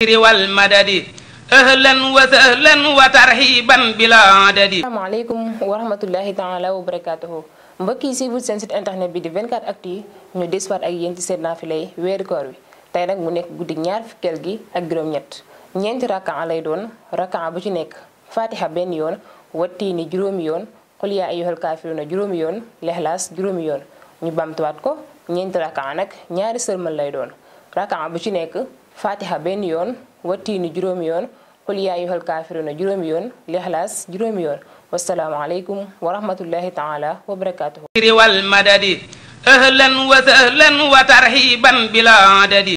ahlan wa sahlan wa tarhiban bila adadi asalaamaaleykum wa rahmatullahi taala wa barakaatuhu mbokk yi si seen site internet bi di 24 actu yi ñu deswaat ak yéen ci seen naafilay weeru koor wi tey nag mu nekk guddi ñaar fukkeel gi ak juróom-ñett ñeenti rakaa lay doon rakaa bu ci nekk fatiha benn yoon wattiini juróomi yoon xul yaa ayyuhal kaafiruuna juróomi yoon lexlaas juróomi yoon ñu bamtuwaat ko ñeenti rakaa nag ñaari sërmal lay doon rakaa bu ci nekk fatiha benn yoon wattiini juróomi yoon xul yaa ayyuhal kaafiruuna juróomi yoon lixlaas juróomi yoon wasalaamaaleykum wa rahmatullahi taala wa barakaatuhu riwal madadi ahlan wa sahlan bila adadi